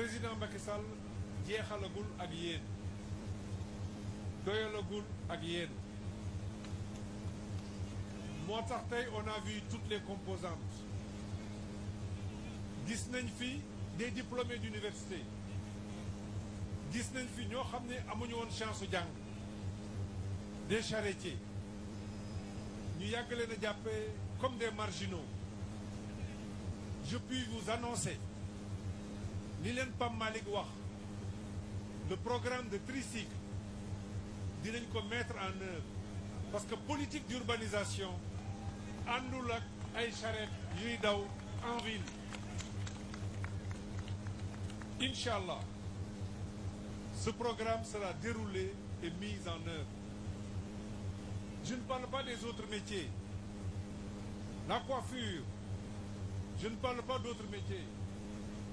président Macky Sall jeexalagul ak yéen doyalagul ak yéen moo tax tey on a vu toutes les composantes gis nañ fi des diplômés d'université gis nañ fi ñoo xam ne amuñu woon chance u jàng des charretiers ñu yàgg na a comme des marginaux je puis vous annoncer li leen Pape Malick wax le programme de tricycle dinañ ko mettre en œuvre parce que politique d'urbanisation àndul ak ay charrette yuy daw en ville incha ce programme sera déroulé et mis en œuvre je ne parle pas des autres métiers la coiffure je ne parle pas d'autres métiers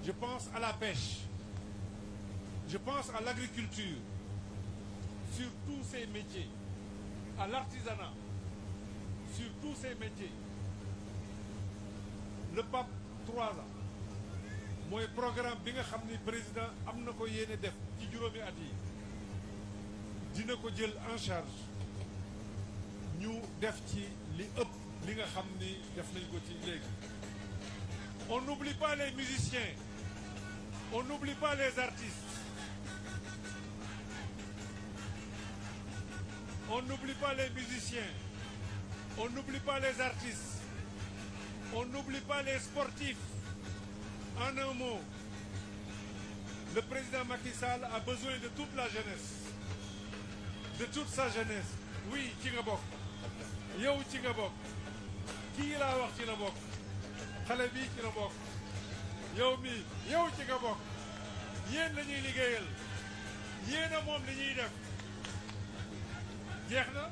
Je pense à la pêche. Je pense à l'agriculture, sur tous ces métiers, à l'artisanat, sur tous ces métiers. Le PAP 3 ans mooy programme bi nga xam ni président am na ko yéene def ci juróomi at yi dina ko jël en charge ñu def ci li ëpp li nga xam ni def nañ ko ci léegi on n'oublie pas les musiciens On n'oublie pas les artistes. On n'oublie pas les musiciens. On n'oublie pas les artistes. On n'oublie pas les sportifs. En un le président Macky Sall a besoin de toute la jeunesse. De toute sa jeunesse. Oui, ci nga bokk. yow ci nga bokk. kii laa wax yow mii yow ci nga bokk yéen la ñuy liggéeyal yéen moom li ñuy def jeex na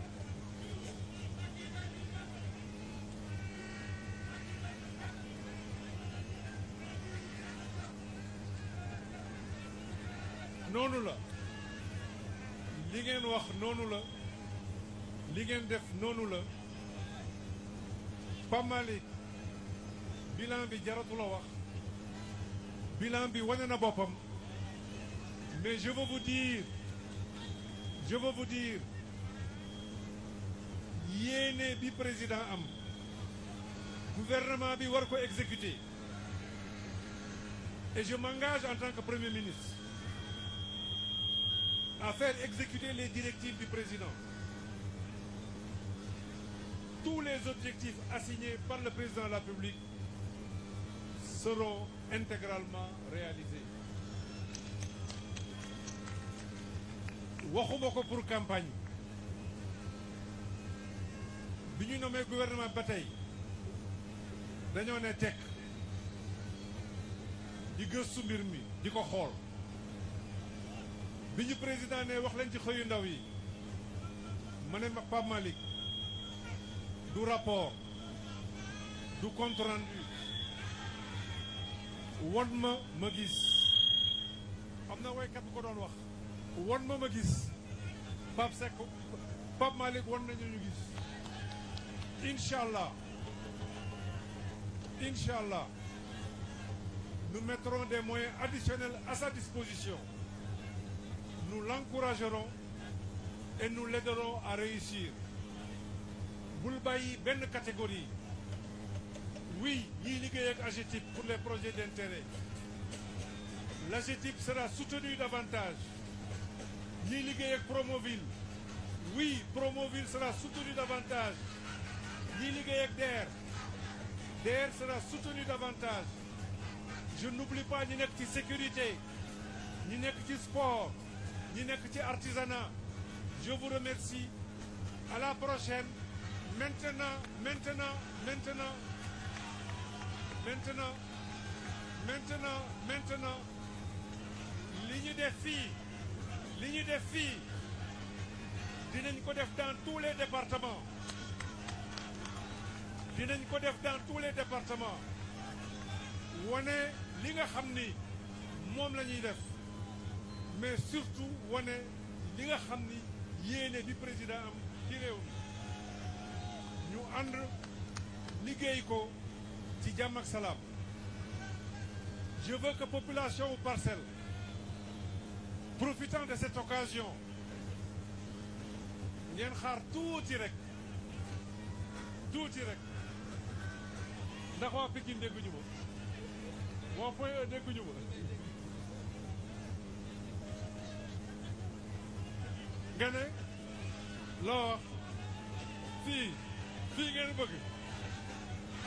noonu la li ngeen wax noonu la li ngeen def noonu la Pamalik bilan bi jaratu la wax bilan bi wane na boppam mais je veux vous dire je veux vous dire yéene bi président am gouvernement bi war ko exécuter et je m'engage en tant que premier ministre à faire exécuter les directives bi président tous les objectifs assignés par le président la République seront intégralement réalisé waxuma ko pour campagne bi ñu nommé gouvernement ba tey dañoo ne tekk di gëstu mbir mi di ko xool bi ñu président ne wax leen ci xëyu ndaw yi ma ne Pape Malick du rapport du compte won ma ma gis am na waykat bu ko doon wax won ma ma gis Pape Seck Pape Malick won nañu ñu gis incha allah incha allah nous mettrons des moyens sa disposition nous l'encouragerons et nous l'aiderons à réussir bul bàyyi benn catégorie Oui, AGTIP pour les projets d'intérêt. L'AGTIP sera soutenu davantage. Niligayek Promoville. Oui, Promoville sera soutenu davantage. Niligayek DER. DER sera soutenu davantage. Je n'oublie pas Ninekti Sécurité, Ninekti Sport, Ninekti Artisanat. Je vous remercie. À la prochaine. Maintenant, maintenant, maintenant. maintenant maintenant maintenant li ñu def fii li ñu def fii dinañ ko def dans tous les départements dinañ ko def dans tous les départements wane li nga xam ni moom la ñuy def mais surtout wane li nga xam ni yéene di président am ci réew mi ñu ànd liggéey ko ci jàmm ak salaam je veux que population wu Parcelles profitant de cette occasion ngeen xaar tuuti rek tuuti rek ndax waa Pikine dégguñu ma waa Point E dégguñu ma nga ne wax fii fii ngeen bëgg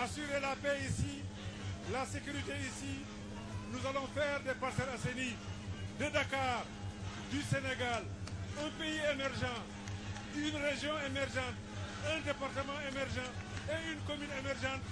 assurer la paix ici, la sécurité ici. Nous allons faire des Parcelles Assainies de Dakar, du Sénégal, un pays émergent, une région émergente, un département émergent et une commune émergente.